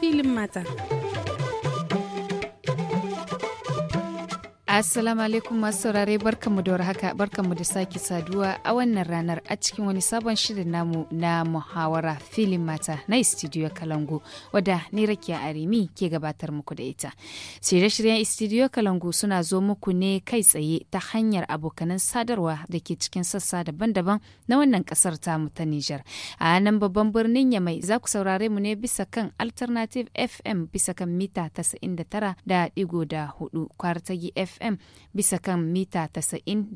filin mata. Assalamu alaikum masu saurare barkanmu da warhaka barkanmu da sake saduwa a wannan ranar a cikin wani sabon shirin namu na muhawara filin mata na Studio Kalangu wadda ni Rakiya Arimi ke gabatar muku da ita. Shirye-shiryen Studio Kalangu suna zo muku ne kai tsaye ta hanyar abokanan sadarwa da ke cikin sassa daban-daban na wannan kasar ta ta Nijar. A nan babban birnin Yamai za ku saurare mu ne bisa kan Alternative FM bisa kan mita 99 da digo da hudu kwartagi FM FM bisa kan mita 90.9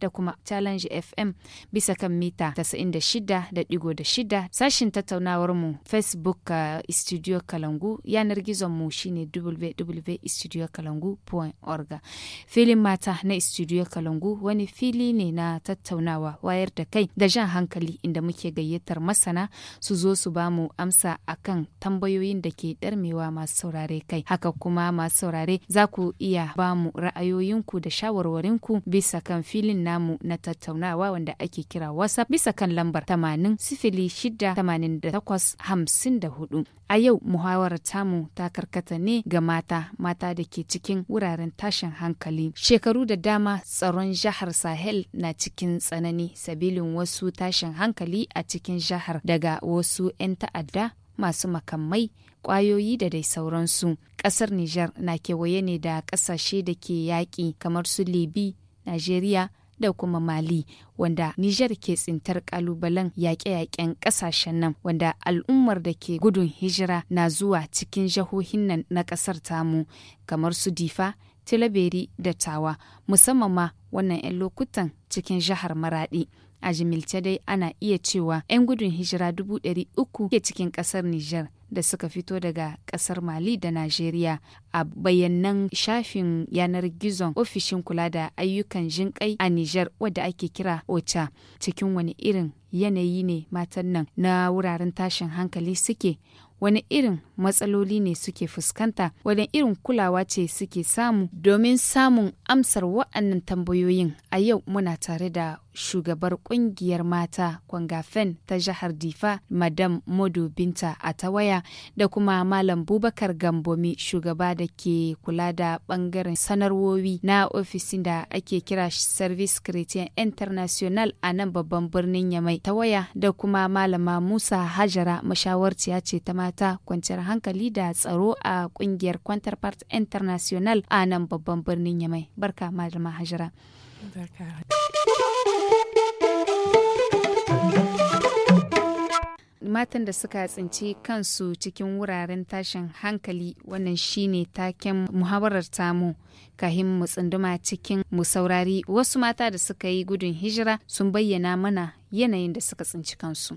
da kuma Challenge FM bisa kan mita 96.6 sashin tattaunawar mu Facebook uh, Studio Kalangu yanar gizon mu shine www.studiokalangu.org filin mata na Studio Kalangu wani fili ne na tattaunawa wayar da kai da jan hankali inda muke gayyatar masana su zo su ba mu amsa akan tambayoyin da ke darmewa masu saurare kai haka kuma masu saurare za ku iya ba bamu ra'ayoyinku da shawarwarinku bisa kan filin namu na tattaunawa wanda ake kira WhatsApp bisa kan lambar 80 sifili shida tamanin da takwas hudu. A yau muhawarar tamu ta karkata ne ga mata mata da ke cikin wuraren tashin hankali. Shekaru da dama tsaron jihar Sahel na cikin tsanani sabilin wasu tashin hankali a cikin jihar daga wasu 'yan ta'adda masu makamai kwayoyi da dai sauransu ƙasar niger na kewaye ne da ƙasashe da ke yaƙi kamar su libi nigeria da kuma mali wanda niger ke tsintar kalubalen yaƙe-yaƙen ƙasashen nan wanda al'ummar da ke gudun hijira na zuwa cikin jihohin nan na ƙasar tamu kamar su difa tilaberi da tawa musamman ma wannan 'yan lokutan cikin jihar maradi a jimilce dai ana iya cewa 'yan gudun hijira dubu ɗari uku ke cikin ƙasar Nijar da suka fito daga ƙasar Mali da Najeriya a bayanan shafin yanar gizon ofishin kula da ayyukan jinƙai a Nijar wadda ake kira OCHA cikin wani irin yanayi ne matan nan na wuraren tashin hankali suke wani irin matsaloli ne suke fuskanta wani irin kulawa ce suke samu domin samun amsar waɗannan tambayoyin a yau muna tare da shugabar kungiyar mata kwangafen ta jihar difa madam modu binta a tawaya da kuma malam bubakar gambomi shugaba da ke kula da bangaren sanarwowi na ofisin da ake kira service christian international a nan babban birnin yamai ta waya da kuma malama musa hajara mashawarciya ce ta mata kwanciyar hankali da tsaro a kungiyar counterpart international a nan babban birnin yamai barka malama hajara you. matan da suka tsinci kansu cikin wuraren tashin hankali wannan shine taken muhawarar tamu kahin mu tsunduma cikin mu saurari wasu mata da suka yi gudun hijira sun bayyana mana yanayin da suka tsinci kansu.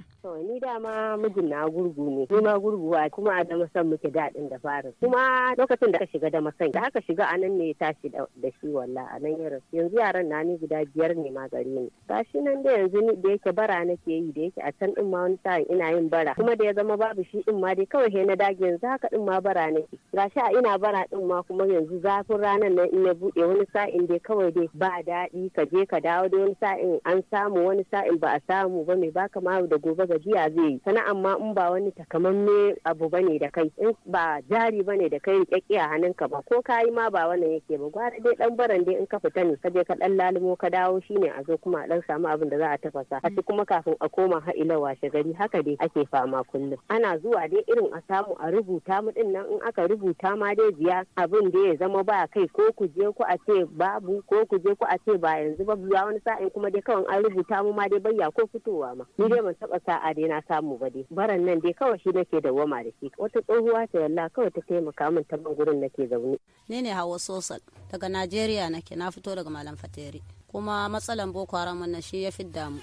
ni dama mijin na gurgu ne ni ma gurguwa kuma a san muke daɗin da farin kuma lokacin da ka shiga damasan da aka shiga a nan ne tashi da shi walla a nan yaran yanzu yaran na ni guda biyar ne ma gare ni shi nan da yanzu ni da yake bara nake yi da yake a can din ma wani sa'in ina yin bara kuma da ya zama babu shi din ma dai kawai he na dage yanzu haka din ma bara nake gashi a ina bara din ma kuma yanzu zafin ranar nan in ya buɗe wani sa'in dai kawai dai ba daɗi ka je ka dawo da wani sa'in an samu wani sa'in ba a samu ba mai baka ma da gobe gajiya zai yi sana amma in ba wani takamamme abu bane da kai in ba jari bane da kai rikakke a ka ba ko kayi ma ba wannan yake ba gwara dai dan baran dai in ka fita ne ka je ka dan lalimo ka dawo shine a zo kuma a dan samu abin da za a tafasa a ci kuma kafin a koma ha'ila washe gari haka dai ake fama kullum ana zuwa dai irin a samu a rubuta mu din nan in aka rubuta ma dai biya abin da ya zama ba kai ko ku je ku a ce babu ko ku je ku a ce ba yanzu ba biya wani sa'in kuma dai kawai an rubuta mu ma dai bayya ko fitowa ma ni dai ban taba sa'a dai na samu ba dai baran nan dai kawai shi nake da wama da shi wata tsohuwa ta yalla kawai ta taimaka min ta ban gurin nake zaune ni ne hawa sosal daga najeriya nake na fito daga malam fatere kuma matsalan boko haram wannan shi ya fidda mu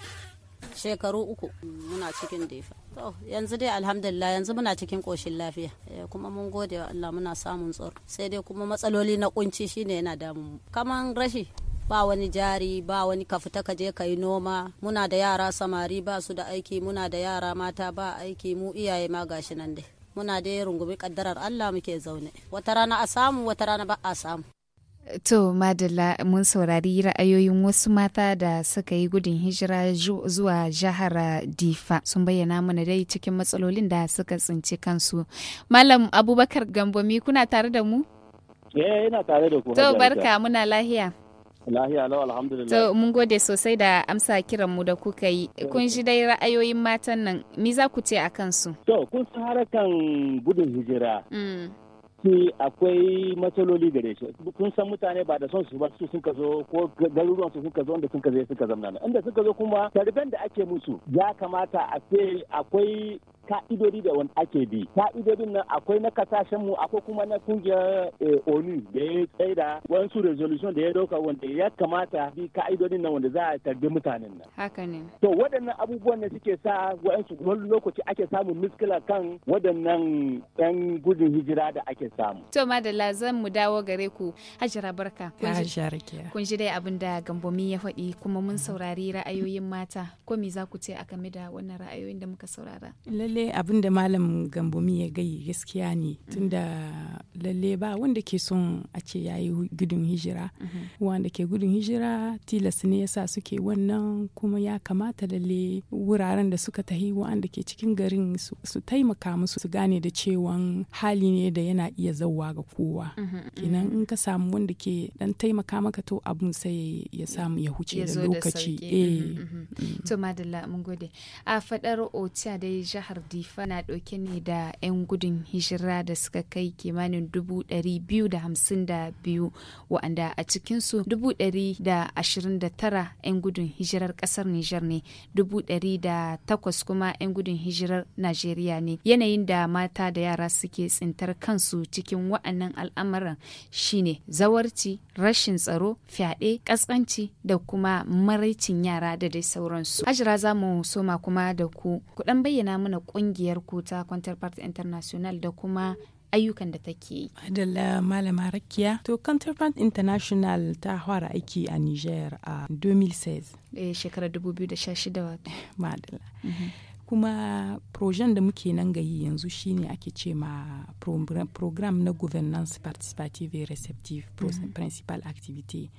shekaru uku muna cikin defa to yanzu dai alhamdulillah yanzu muna cikin koshin lafiya eh, kuma mun gode wa Allah muna samun tsoro sai dai kuma matsaloli na kunci shine yana damu kaman rashi ba wani jari ba wani ka fita ka je ka yi noma muna da yara samari ba su da aiki muna da yara mata ba aiki mu iyaye ma gashi nan dai muna da rungumi kaddarar Allah muke zaune wata rana a samu wata rana ba a samu To Madalla mun saurari ra'ayoyin wasu mata da suka yi gudun hijira zuwa jihar Difa sun bayyana mana dai cikin matsalolin da suka tsinci kansu. Malam Abubakar Gambomi kuna tare da mu? Eh ina tare da ku. To barka muna lahiya. Lahiya lau alhamdulillah. To mun gode sosai da amsa kiran mu da kuka yi. Kun ji dai ra'ayoyin matan nan me za ku ce a kansu? To kun san harakan gudun hijira. Ki mm. akwai matsaloli gare shi. Kun san mutane ba da son su ba su sun ka zo ko garuruwan su sun ka zo inda sun ka zo sun ka zamna. Inda sun ka zo kuma tarban da ake musu ya kamata a ce akwai ka'idodi da wani ake bi ka'idodin nan akwai na kasashen mu akwai kuma na kungiyar eh, onu da ya da wasu resolution da ya dauka wanda ya kamata bi ka'idodin nan wanda za a tarbi mutanen nan haka ne to waɗannan abubuwan ne suke sa wa'ansu wani lokaci ake samun miskila kan waɗannan yan gudun hijira da ake samu to madalla zan mu dawo gare ku hajara barka kun ji dai abin da gambomi ya faɗi kuma mun saurari ra'ayoyin mata ko me za ku ce a game da wannan ra'ayoyin da muka saurara lalle lalle abin da malam gambomi ya gayi gaskiya ne mm. tunda lalle ba wanda ke son a ce ya yi gudun hijira mm-hmm. wanda ke gudun hijira tilas ne yasa suke wannan kuma ya kamata lalle wuraren da suka tahi wanda ke cikin garin su taimaka musu su gane da cewan hali ne da yana iya zauwa ga kowa mm-hmm. kenan mm-hmm. in ka samu wanda ke dan taimaka maka to abun sai ya samu ya huce da lokaci eh to madalla mun gode a fadar otiya dai jihar difa na ɗauke ne da 'yan gudun hijira da suka kai kimanin 252 wa'anda a cikinsu 129 'yan gudun hijirar ƙasar Nijar ne 108 kuma 'yan gudun hijirar Najeriya ne yanayin da mata da yara suke tsintar kansu cikin wa'annan al'amuran shine zawarci rashin tsaro fyaɗe ƙasƙanci da kuma maraicin yara da dai sauransu hajira za mu soma kuma da ku ku bayyana mana kungiyar ku ta counterpart international da kuma ayyukan da take yi. Adalla Malama Rakiya. To Counterpart International ta fara aiki a Niger a 2006. Eh shekarar 2016 Madalla. Mhm. Kuma projen da muke nan gayi yanzu shine ake ce ma program na governance participative and receptive mhm. principal activity.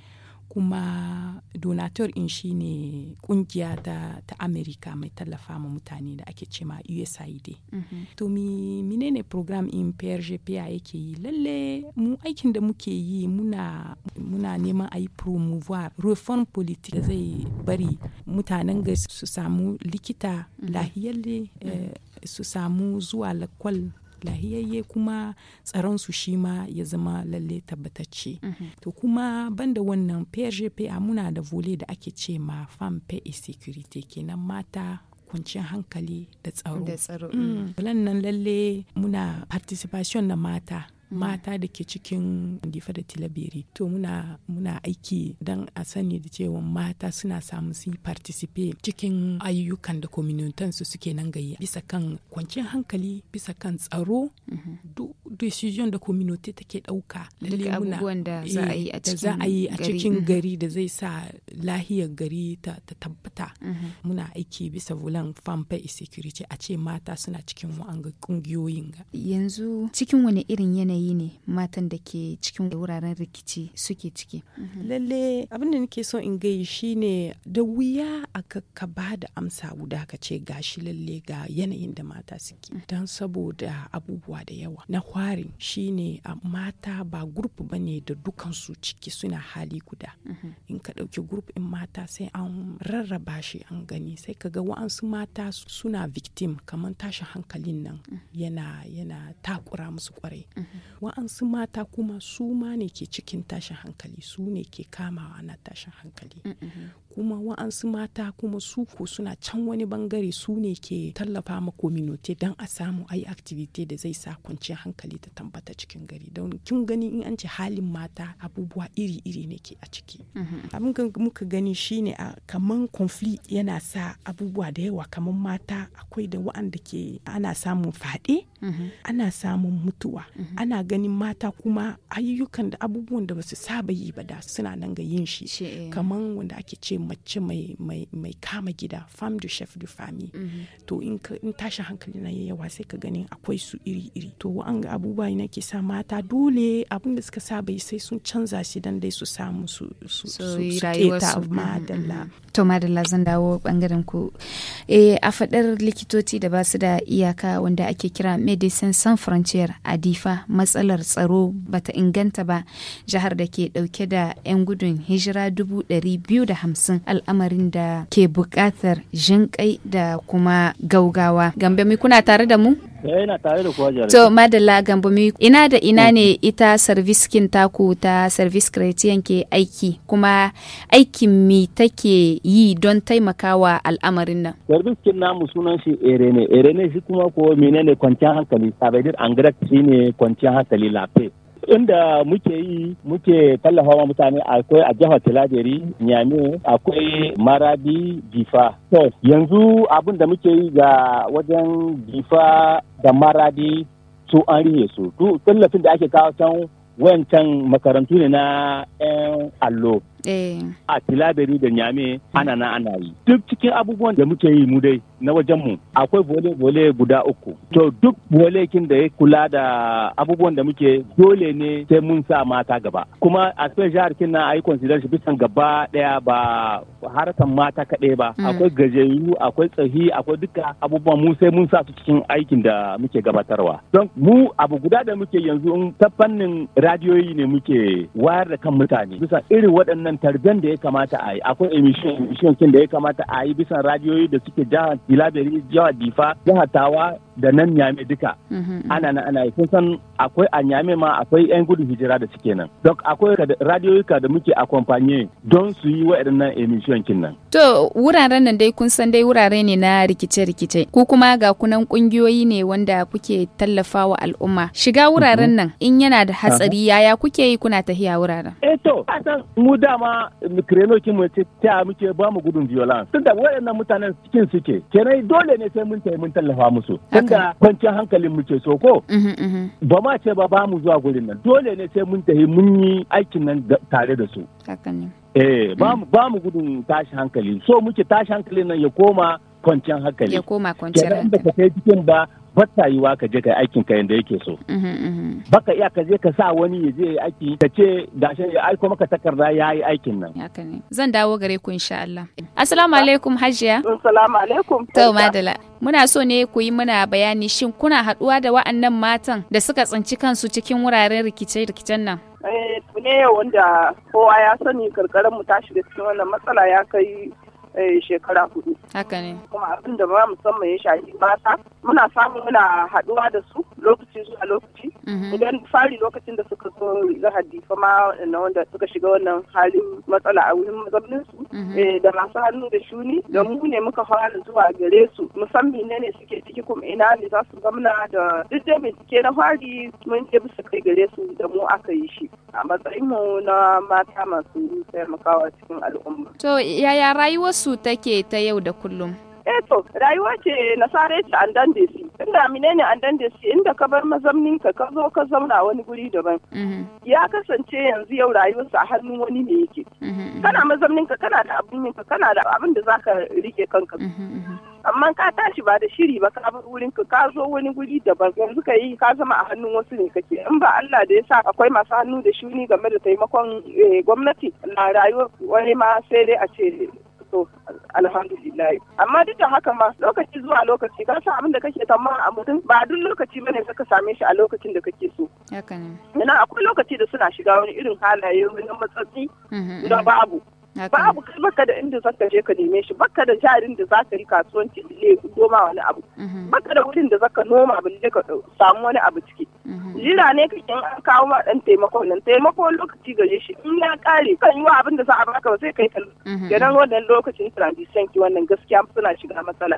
kuma donator in shine kungiya ta, ta america mai tallafa ma mutane da ake cema usaid mm -hmm. to mi menene program in prgpa yake yi lalle mu aikin da muke yi muna, muna neman a yi promouvoir reform politique da zai bari mutanen ga su samu likita mm lahiyalle mhm. Eh, su samu zuwa lakwal lahiyayye kuma tsaron su shi ma ya zama lalle tabbatacce mhm. to kuma banda wannan prgpa muna da vole da ake ce ma fan pay security kenan mata kwanciyar hankali da tsaro. Da tsaro. Mm. Mm. nan lalle muna participation na mata Mm. mata da ke cikin difa da tilabiri to muna muna aiki dan a sani da cewa mata suna samu su participate cikin ayyukan da communityan su suke nan gayi bisa kan kwanciyar hankali bisa kan tsaro mm-hmm. duk decision da community take ɗauka. Duk abubuwan da za a yi eh, a cikin gari. cikin mm-hmm. gari da zai sa lahiyar gari ta tabbata. Mm-hmm. Muna aiki bisa volan farm security a ce mata suna cikin wa'anga kungiyoyin ga. Yanzu cikin wani irin yanayi ne matan da ke cikin wuraren rikici suke ciki. Mm-hmm. Lalle abin da nake so in gayi shine da wuya a ka ba da amsa guda ka ce gashi lalle ga yanayin da mata suke. Mm. Don saboda abubuwa da yawa. Na hwari shine a ah, mata ba gurfi ba ne da dukansu ciki suna hali guda mhm. in ka ɗauki gurfi in mata sai an rarraba shi an gani sai ka ga wa'ansu mata suna victim kamar tashin hankalin nan mhm. yana yana takura musu kwarai mhm. wa'ansu mata kuma su ma ne ke cikin tashin hankali su ne ke kamawa na tashin hankali mm, kuma wa'ansu mata kuma su ko suna can wani bangare su ne ke tallafa ma community don a samu ayi activity da zai sa kwanciyar hankali hankali ta tambata cikin gari don kin gani in an ce halin mata abubuwa iri-iri ne ke a ciki mm-hmm. abin muka gani shine a ah, kaman conflict yana sa abubuwa da yawa kaman mata akwai da wa'anda ke ana samun fade mm-hmm. ana samun mutuwa mm-hmm. ana ganin mata kuma ayyukan da abubuwan da basu saba yi ba da suna nan ga yin shi eh. kaman wanda ake ce mace mai kama gida fam du chef du famille to in tashi hankali na yawa sai ka gani akwai su iri-iri to wa'anga abubuwa ne ke sa mata dole abin da suka sa bai sai sun canza shi dan dai su samu su su keta mm-hmm, madalla. Mm-hmm. To madalla zan dawo bangaren ku. Eh, a faɗar likitoci da ba su da iyaka wanda ake kira Medicine san Frontier a Difa matsalar tsaro bata inganta ba jihar da ke ɗauke da 'yan gudun hijira dubu ɗari biyu da hamsin al'amarin da ke buƙatar jinƙai da kuma gaugawa. Gambe mai kuna tare da mu? yana tare da To Madalla ina da ina mm. ne ita sarviskin taku ta Service Creation ke aiki kuma aikin mi take yi don taimakawa al'amarin nan. kin namu sunan shi Erene, Erene shi kuma ko menene kwanciyar hankali, sabadir Angrek shi ne kwanciyar hankali lafe. inda muke yi muke tallafawa mutane akwai a jihar tiladeri Nyame, akwai Maradi, Gifa. To yanzu abin da muke yi ga wajen Gifa da Maradi su an rihe su. Tallafin da ake kawo can wancan makarantu ne na 'yan allo. Eh. a tilaberi da nyame ana na ana yi duk cikin abubuwan da muke yi mu dai na wajen mu akwai bole bole guda uku to duk kin da ya kula da abubuwan da muke dole ne sai mun sa mata gaba kuma a cikin jihar na ayi consider shi bisan gaba daya ba harkan mata kaɗai ba mm. akwai gajeyu akwai tsahi akwai duka abubuwan mu sai mun sa su cikin aikin da muke gabatarwa don mu abu guda da muke yanzu ta fannin radiyoyi ne muke wayar da kan mutane bisa irin waɗannan wannan tarbiyyar da ya kamata a yi akwai emission emission da ya kamata a yi bisan radiyoyi da suke jihar Tilaberi jihar Difa jihar Tawa da nan nyame duka mhm, mhm. ana na ana kun san akwai a nyame ma akwai yan gudun hijira da suke nan dok akwai radiyoyika da muke akwamfanye don su yi waɗannan emission kin nan to wuraren nan dai kun san dai wurare ne na rikice-rikice ku kuma ga kunan kungiyoyi ne wanda kuke tallafawa al'umma shiga wuraren mhm. nan in yana da hatsari yaya kuke yi kuna tahiya wuraren eh to asan mu dama krenokin mu ce ta muke ba mu gudun violence tunda waɗannan mutanen cikin suke kenan dole ne sai mun tayi mun tallafa musu inda kwanciyar hankalin muke so ko ba ma ce ba ba mu zuwa gurin nan dole ne sai mun tafi mun yi aikin nan tare da su eh ba mu gudun tashi hankali so muke tashi hankali nan ya koma kwanciyar hankali ya koma kwanciyar hankali kenan da ka kai cikin ba fattayuwa ka je ka aikin ka yanda yake so mhm, mhm. baka iya ka je ka sa wani ya je aiki ka ce gashin ya aiko maka takarda ya yi aikin nan zan dawo gare ku insha Allah assalamu alaikum hajiya assalamu alaikum to madala muna so ne ku yi muna bayani shin kuna haduwa da wa'annan matan da suka tsinci kansu cikin wuraren rikice-rikicen nan eh, ne wanda kowa ya sani karkarar mu ta shiga cikin wannan matsala ya kai eh, shekara hudu. Haka ne. Kuma abin da ba musamman ya shafi mata muna samu muna haɗuwa da su lokaci zuwa lokaci mhm. idan fari lokacin da suka zo lahadi kuma na wanda suka shiga wannan halin matsala a wurin mazaunin su mhm. eh, da masu hannu da shuni da mu ne muka fara zuwa gare su musamman ne ne suke ciki kuma ina ne za su gamna da duk da bincike na fari mun je bisa kai gare su da mu aka yi shi a matsayin mu na mata masu taimakawa cikin al'umma. To yaya rayuwarsu take ta yau da kullum? eh to rayuwa ce nasare ce an dande su inda menene an dande su inda ka bar mazamnin ka ka zo ka zauna wani guri daban mhm. ya kasance yanzu yau rayuwarsa a hannun wani ne yake mhm, mhm. kana mazamnin ka kana da abin ka kana da abin da zaka rike kanka amma ka tashi ba da shiri ba ka bar wurin ka ka zo wani guri daban yanzu ka yi ka zama a hannun wasu ne kake in ba Allah da yasa akwai masu hannu da shuni game da taimakon eh, gwamnati na rayuwar wani ma sai dai a ce so alhamdulillah amma duk da haka ma lokaci zuwa lokaci ka san abin da kake tamma a mutum ba duk lokaci bane ka same shi a lokacin da kake so haka ne akwai lokaci da suna shiga wani irin halaye wani matsatsi mm-hmm, da mm-hmm. babu babu kai baka da inda zaka je ka neme shi baka da jarin da zaka yi kasuwanci ne noma wani abu mhm. baka da wurin da zaka noma balle ka samu wani abu ciki mhm. jira ne kake an kawo ma dan taimako nan taimako lokaci gare shi in ya kare kan yi wa abin da za a baka sai kai ka ganin mhm. wannan lokacin transition ki wannan gaskiya suna shiga matsala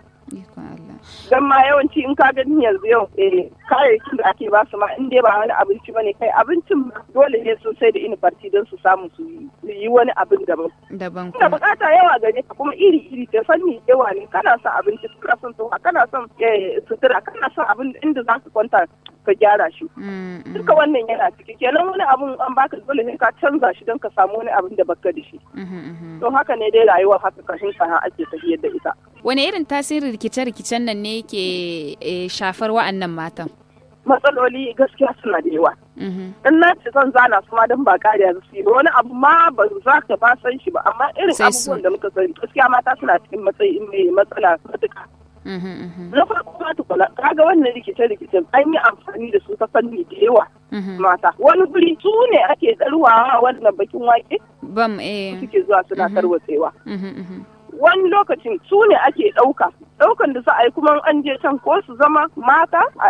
dan ma yawanci in ka gani yanzu yau eh kayayyakin da ake basu ma in dai ba wani abinci bane kai abincin dole ne sosai da inifarti don su samu su yi wani abin daban daban kuma. bukata yawa gare ka kuma iri iri ta fanni yawa ne kana son abinci kana son tuwa kana son sutura kana son abin inda za su kwanta ka gyara shi. Duka wannan yana ciki kenan wani abin an baka dole ne ka canza shi don ka samu wani abin da baka da shi. Mm-hmm. To haka ne dai rayuwa haka shinka ha ake tafiyar da ita. Wane irin tasirin rikice-rikicen nan ne ke eh, shafar wa'annan matan? matsaloli gaskiya suna da yawa. Mhm. In na ce zan zana su ma don ba kariya su yi wani abu ma ba za ka ba san shi ba amma irin abubuwan da muka sani gaskiya mata suna cikin matsayi in mai matsala matuka. Mhm, mhm. Na farko ma tukuna kaga wannan rikice-rikicen an yi amfani da su ta fanni da yawa mata wani guri su ne ake tsaruwa wannan bakin wake. Bam eh. Suke zuwa suna tarwatsewa. Wani lokacin su ne ake ɗauka daukan da za a yi kuma an je can ko su zama mata a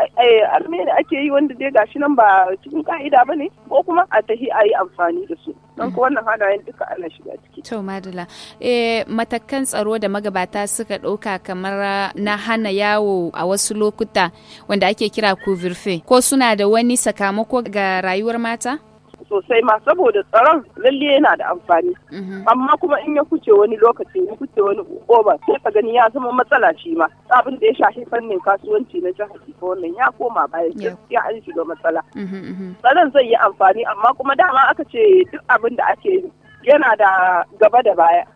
ne ake yi wanda dai gashi nan ba cikin ka'ida ba ne ko kuma a tahi a yi amfani da su don ko wannan yin duka ana shiga ciki. To Madala, eh, matakan tsaro da magabata suka ɗauka kamar na hana yawo a wasu lokuta wanda ake kira kuvirfe ko suna da wani sakamako ga rayuwar mata? sosai ma saboda tsaron lalle yana da amfani mhm. amma kuma in ya kuce wani lokaci ya kuce wani oba sai ka gani ya zama matsala shi ma abin da ya shafi fannin kasuwanci na jihar Jifa wannan ya koma baya ya an shiga matsala mhm, mhm. tsaron zai yi amfani amma kuma dama aka ce duk abin da ake yi yana da gaba da baya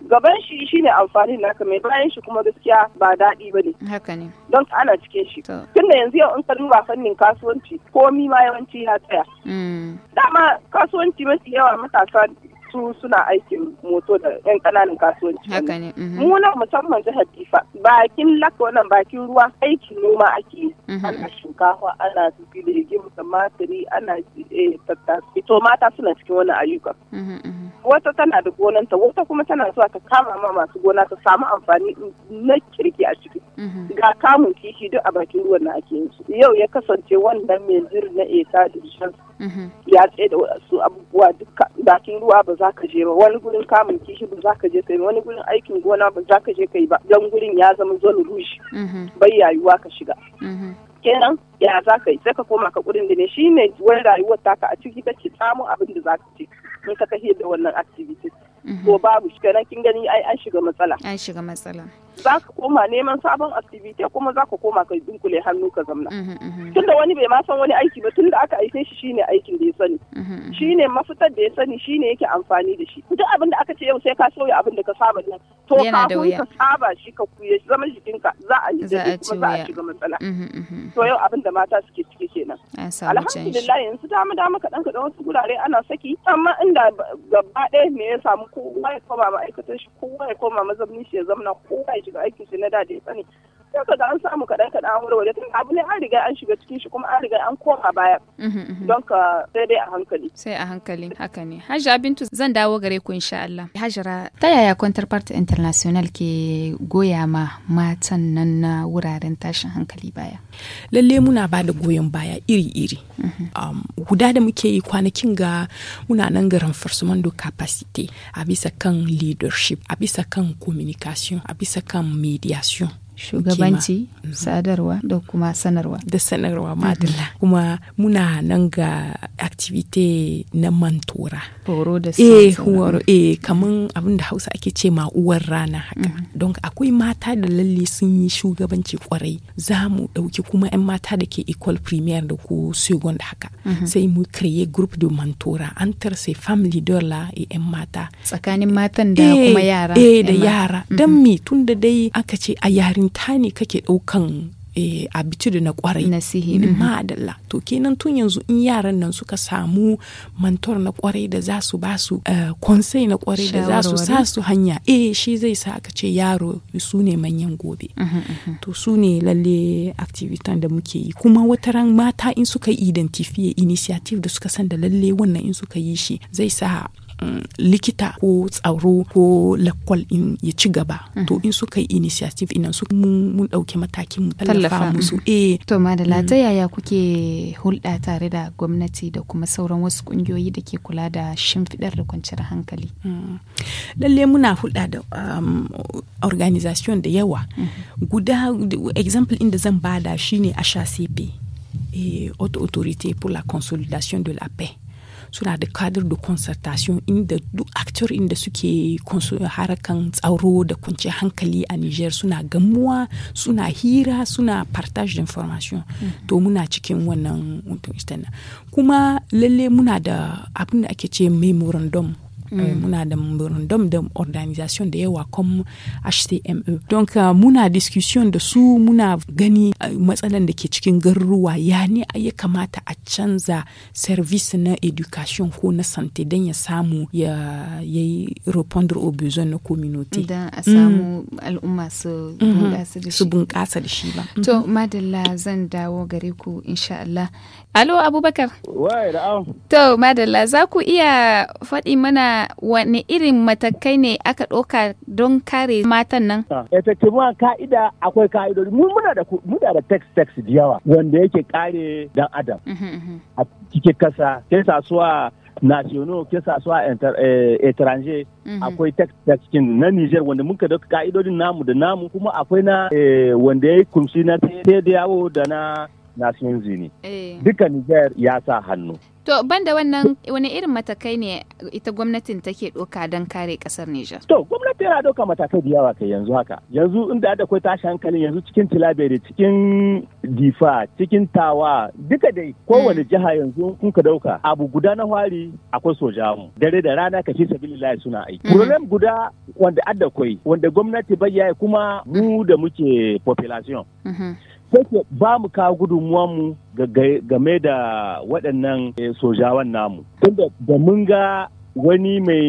gaban shi shine amfanin naka mai bayan shi kuma gaskiya ba daɗi ba ne ana cikin shi tunda yanzu yau in ka ba fannin kasuwanci komi ma yawanci ya tsaya mm. dama kasuwanci mafi yawa matasa su suna aikin moto da yan kananan kasuwanci. Haka mm-hmm. musamman jihar Ifa bakin laka wannan bakin ruwa aiki noma ake mm-hmm. ana shinkafa ana fili da tumatiri ana eh, tattasai to mata suna cikin wani ayyuka. Mm-hmm, wata tana da gonanta wata kuma tana zuwa ka kama ma masu gona ta samu amfani na kirki a ciki mhm. ga kamun kishi duk a bakin ruwan na ake yin yau ya kasance wannan mai jiri na eta da mhm. ya tsaye da wasu abubuwa duka bakin ruwa ba za ka je ba wani gurin kamun kishi ba za ka je kai wani gurin aikin gona ba za ka je kai ba don gurin ya zama zone rouge mhm. bai yayuwa ka shiga kenan ya za ka yi sai ka koma ka kudin da ne shi ne wani rayuwar taka a ciki kake samu abin da za ka ce in ka kashe da wannan activity mhm. ko babu shi kenan kin gani ai an shiga matsala an shiga matsala za ka koma neman sabon activity kuma za ka koma ka dunkule hannu ka zamna mhm, mhm. tun da wani bai ma san wani aiki ba tun da aka aike shi shine aikin da ya sani shine mafitar da ya sani shine yake amfani da shi duk abin da aka ce yau sai ka sauya abin da ka saba nan to kafin ka saba shi ka kuye zaman jikinka za a yi da kuma za a shiga matsala to yau abin da mata suke ciki kenan alhamdulillah yanzu dama dama kaɗan kaɗan wasu gurare ana saki amma inda gaba ɗaya me ya samu kowa ya koma ma'aikatan shi kowa ya koma mazaunin shi ya zamna kowa ya shiga aikin shi na da ya sani sai ka an samu kaɗan kaɗan an warware tun abu ne an riga an shiga cikin shi kuma an riga an koma baya mhm, mhm, mhm. don ka sai dai a hankali sai a hankali haka ne hajja bintu zan dawo gare ku insha Allah hajjara ta yaya counterpart international ke goya ma matan nan na wuraren tashin hankali baya lalle muna ba da goyon baya iri-iri um, guda da muke yi kwanakin ga muna nan garin farsumando capacity a bisa kan leadership a bisa kan communication a bisa kan mediation shugabanci mm-hmm. sadarwa da kuma sanarwa da sanarwa madalla kuma muna nan ga activity na mantora horo da eh horo eh kaman abin da Hausa ake ce ma uwar rana haka mm-hmm. don akwai mata da lalle sun yi shugabanci kwarai zamu mu dauki kuma yan mata da ke equal premier da ku second haka mm-hmm. sai mu create group de mantora antar sai family leader la yan mata tsakanin matan da kuma eh, yara eh da yara dan me tunda dai aka ce a yarin yarinta ne kake ɗaukan eh, e, da na kwarai nasihi mm-hmm. mhm. a to kenan tun yanzu in yaran nan suka samu mantor na kwarai da za su basu eh, konsai na kwarai da za su sa su hanya eh shi zai sa aka ce yaro su ne manyan gobe mhm, mhm. to su ne lalle activitan da muke yi kuma wata ran mata in suka yi identifiye initiative da suka san da lalle wannan in suka yi shi zai sa Mm, likita ko tsaro ko lakwal in ya ci gaba to mhm. in suka yi initiative inan su mun dauke matakin mu tallafa musu mhm. eh to madala mm. ta yaya kuke hulɗa tare da gwamnati da kuma sauran wasu kungiyoyi da ke kula da shimfiɗar da kwanciyar hankali mm. lalle muna hulɗa da um, organization da yawa mhm. guda example inda zan bada shine HACP et eh, Haute Autorité pour la Consolidation de la Paix. suna da kadar da concertation inda duk actor inda suke harakan tsaro da kunce hankali a Niger suna gamuwa suna hira suna partage information mm-hmm. to muna cikin wannan kuma lalle muna da abin da ake ce memorandum Euh, mm. muna da memorandum da organisation da yawa comme HCME. Donc euh, muna discussion da su muna gani euh, matsalan da ke cikin garuruwa ya ne ya kamata a canza service na education ko na santé don ya samu ya yi répondre aux besoins na communauté. da a samu mm. al'umma su mm-hmm. bunƙasa da shi. Su bunƙasa da shi ba. To mm-hmm. madalla zan dawo gare ku insha Allah Alo Abubakar. Wai na'am. To madalla za ku iya faɗi mana wani irin matakai ne aka ɗauka don kare matan nan? Ah, Effectivement eh, ka'ida akwai ka'idodi mu muna da muna da text text da yawa wanda yake kare dan adam. Mhm, mhm. A cike kasa sai sasuwa nationaux ke ça eh, étranger mhm. akwai text text na Niger wanda muka da ka'idodin namu da namu kuma akwai na eh, wanda ya kunshi na yawo da na sun Zini. Eh. Duka Nijar ya sa hannu. To banda wannan wani irin matakai ne ita gwamnatin take ɗauka don kare ƙasar Nijar? To gwamnati yana ɗauka matakai da yawa kai yanzu haka. Yanzu inda da kai tashi hankalin yanzu cikin Tilabere, cikin Difa, cikin Tawa, duka dai kowane mm. jiha yanzu kun ka ɗauka. Abu guda na hwari akwai soja mu. Dare da rana ka fi sabilillahi suna aiki. Mm. Problem guda wanda adda kai wanda gwamnati bai kuma mu da muke population. Mm-hmm. take ba mu kawo gudunmuwan mu game da waɗannan eh, sojawan namu tunda da mun ga wani mai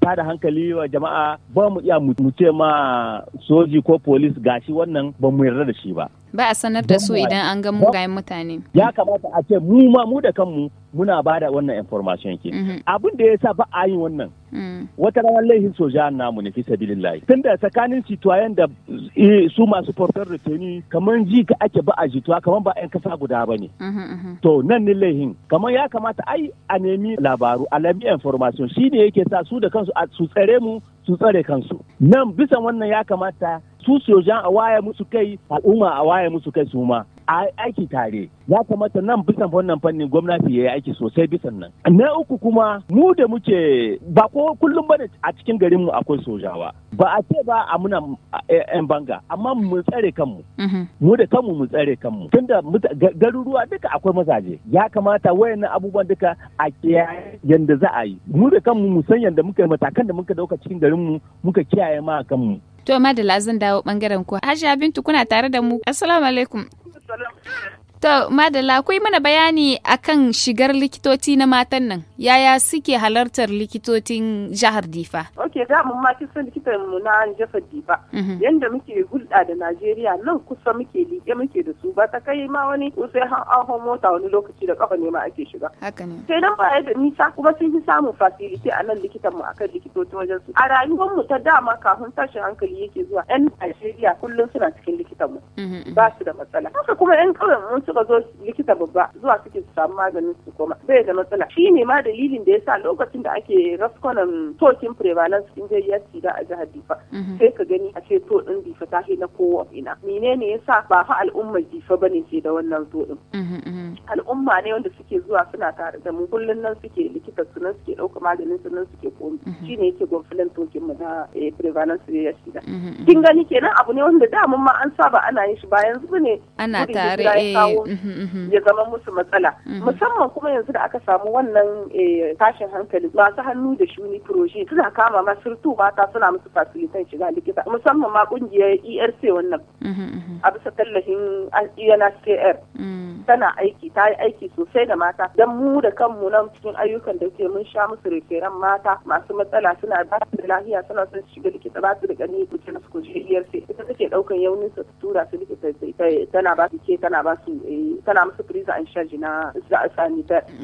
tada hankali wa jama'a ba mu iya mu ma soji ko polis gashi wannan ba mu yarda da shi ba ba a sanar da su idan an ga mugayen mutane ya kamata a ce mu ma mu da kanmu muna ba da wannan information ke mhm. abin da ya sa ba a yin wannan mm. wata rana laifin soja namu ne fi layi. tun da tsakanin situayen da eh, su masu farfar da teni kamar ji ka ake ba a jituwa kamar ba yan kasa guda ba ne mhm, mhm. to nan ne laifin kamar ya kamata ai a nemi labaru a lami information shi ne yake sa su da kansu su tsare mu su tsare kansu nan bisa wannan ya kamata su sojan a waya musu kai al'umma a waya musu kai su ma a aiki tare ya kamata nan bisan wannan fannin gwamnati ya yi aiki sosai bisan nan na uku kuma mu da muke ba ko kullum bane a cikin garin mu akwai sojawa ba a ce ba a muna yan banga amma mu tsare kanmu mm-hmm. mu da kanmu mu tsare kanmu tunda garuruwa duka akwai mazaje ya kamata wayannan abubuwan duka a kiyaye yanda za a yi mu da kanmu mu san yanda muka matakan da muka dauka cikin garin mu muka kiyaye ma kanmu To madala zan dawo ɓangaren ku. Hajiya Bintu kuna tare da mu. Assalamu alaikum. To, Madala, akwai mana bayani akan shigar likitoci na matan nan, yaya suke halartar likitocin jihar Difa? Ok, za mu ma son likitan mu na jihar Difa. Mhm. Yanda muke hulɗa da Najeriya nan kusa muke liƙe muke da su ba ta kai ma wani sai han ahon mota wani lokaci da kafa ne ma ake shiga. Haka ne. Sai dan baya da nisa kuma sun fi samun fasiliti a nan likitan mu akan likitocin wajen su. A rayuwar mu ta dama kafin tashin hankali yake zuwa 'yan Najeriya kullum suna cikin likitan mu. Mhm, mhm. Ba su da matsala. Haka kuma 'yan ƙauyen mun suka zo likita babba zuwa suke su samu maganin su koma bai da matsala shi ne ma dalilin da yasa lokacin da ake raskunan tokin prevalence in dai ya da a jihar Difa mhm. sai ka gani a ce to din Difa ta na kowa ina menene yasa ba fa al'umma Difa bane ke da wannan to din mhm, mhm. al'umma ne wanda suke zuwa suna tare da mu kullun nan suke likita su nan suke ɗauka maganin su nan suke komi shi ne yake gwamfilan tokin mu na eh, prevalence ya shida kin gani kenan abu ne wanda da mun ma an saba ana yin shi bayan zuba ne ana tare eh Mhm, mhm. ya zama musu matsala mhm. musamman kuma yanzu da aka samu wannan eh, tashin hankali masu hannu da shuni proje suna kama ma surtu mata suna musu fasilitan shiga likita musamman ma kungiyar erc wannan a bisa tallafin unhcr mm. tana aiki ta yi aiki sosai da mata don mu da kanmu nan cikin ayyukan da ke mun sha musu referan mata masu matsala suna ba da lafiya suna son shiga likita ba su da gani kuke na su kuje erc ita take daukan yaunin su tura su likita tana ba su ke tana ba su tana musu prise an shaji na da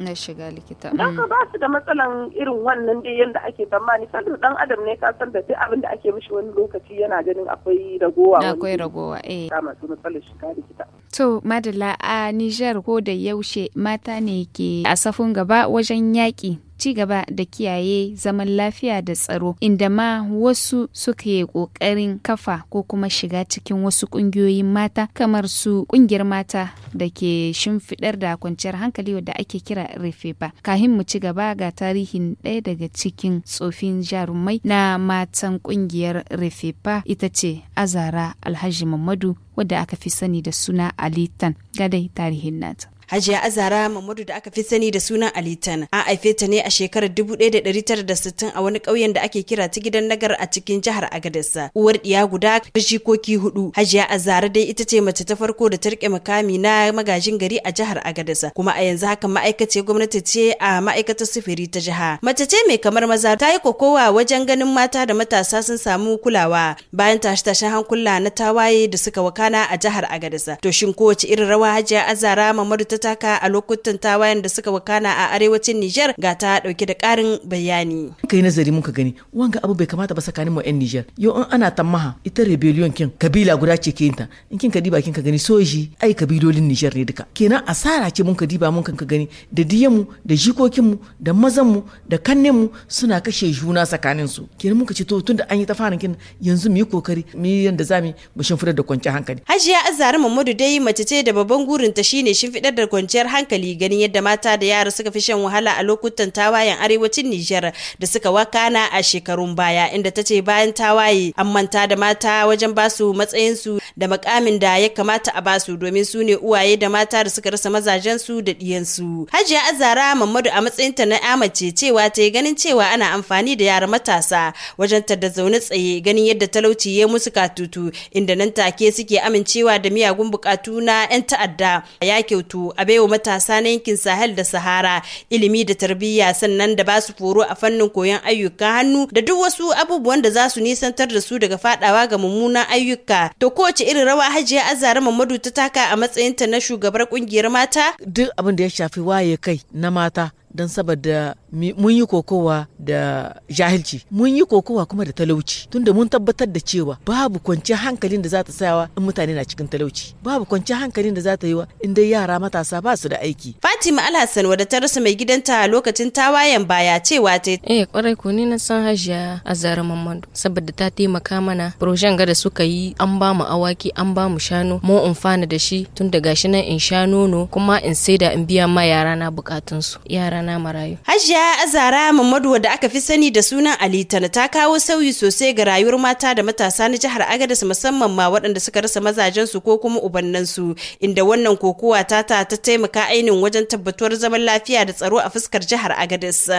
na shiga likita don ka mm. ba su da matsalan irin wannan dai yadda ake tsammani sanda dan adam ne ka san da sai abin da ake mishi wani lokaci yana ganin akwai ragowa akwai ragowa eh ta masu matsalar shiga likita to madalla a Niger ko da yaushe mata ne ke a safun gaba wajen yaƙi ci gaba da kiyaye zaman lafiya da tsaro inda ma wasu suka yi ƙoƙarin kafa ko kuma shiga cikin wasu ƙungiyoyin mata kamar su ƙungiyar mata da ke shimfiɗar da kwanciyar hankali wadda ake kira refeba kahin mu ci gaba ga tarihin ɗaya daga cikin tsofin jarumai na matan ƙungiyar refeba ita ce azara alhaji mamadu wadda aka fi sani da suna alitan gadai tarihin nata Hajiya Azara mamadu da aka fi sani da sunan Alitan. An haife ta ne a shekarar dubu ɗaya da ɗari 1960 a wani ƙauyen da ake kira ta gidan nagar a cikin jihar Agadasa. Uwar ɗiya guda jikoki hudu. Hajiya Azara dai ita ce mace ta farko da ta riƙe makami na magajin gari a jihar Agadasa. Kuma a yanzu haka ma'aikaciyar gwamnati ce a ma'aikatar sufuri ta jiha. Mace ce mai kamar maza ta yi kokowa wajen ganin mata da matasa sun samu kulawa bayan tashe-tashen hankula na tawaye da suka wakana a jihar Agadasa. To shin kowace irin rawa Hajiya Azara Mamadu ta taka a lokutan tawayan da suka wakana a arewacin Nijar ga ta dauke da karin bayani. Kai nazari muka gani wanga abu bai kamata ba tsakanin mu 'yan Nijar. Yau an ana tamaha ita rebellion kin kabila guda ce ke yinta. In kin ka diba kin ka gani soji ai kabilolin Nijar ne duka. Kenan asara ce mun ka diba mun kan ka gani da diyanmu da jikokinmu da mazanmu da kannenmu suna kashe juna tsakanin su. Kenan muka ce to tunda an yi ta fara kin yanzu mu yi kokari mu yi yanda zamu mu shimfidar da kwanci hankali. Hajiya Azara mamadu dai mace ce da babban gurin ta shine shimfidar da kwanciyar hankali ganin yadda mata da yara suka fi shan wahala a lokutan tawayen arewacin Nijar da suka wakana a shekarun baya inda ta ce bayan tawaye an manta da mata wajen basu matsayinsu da makamin da ya kamata a basu domin su ne uwaye da mata da suka rasa mazajensu da ɗiyansu. Hajiya Azara Mamadu a matsayinta na amace cewa ta yi ganin cewa ana amfani da yara matasa wajen da zaune tsaye ganin yadda talauci ya musu katutu inda nan take suke amincewa da miyagun bukatu na 'yan ta'adda ya kyautu a baiwa matasa na yankin Sahel da Sahara ilimi da tarbiyya sannan da ba su foro a fannin koyon ayyukan hannu da duk wasu abubuwan da za su nisantar da su daga fadawa ga mummunan ayyuka. To kowace irin rawa Hajiya Azara Mamadu ta taka a matsayinta na shugabar kungiyar mata? Duk abin da ya shafi waye kai na mata don saboda mun yi kokowa da jahilci mun yi kokowa kuma da talauci tunda mun tabbatar da cewa babu kwanciyar hankalin da za ta sayawa in mutane na cikin talauci babu kwanciyar hankalin da za ta yi wa in dai yara matasa ba su da aiki fatima alhassan wadda ta rasa mai gidanta a lokacin tawayen baya cewa ta eh kwarai ko ni na san hajiya a zara mamadu saboda ta taimaka mana projen gada suka yi an ba mu awaki an ba mu shanu mu fana da shi tun da gashi nan in sha nono kuma in saida in biya ma yara na bukatunsu yara yara marayu. Hajiya Azara Mamadu wadda aka fi sani da sunan Alitana ta kawo sauyi sosai ga rayuwar mata da matasa na jihar Agadez musamman ma waɗanda suka rasa mazajensu ko kuma ubannansu inda wannan kokowa ta ta taimaka ainihin wajen tabbatuwar zaman lafiya da tsaro a fuskar jihar Agadez.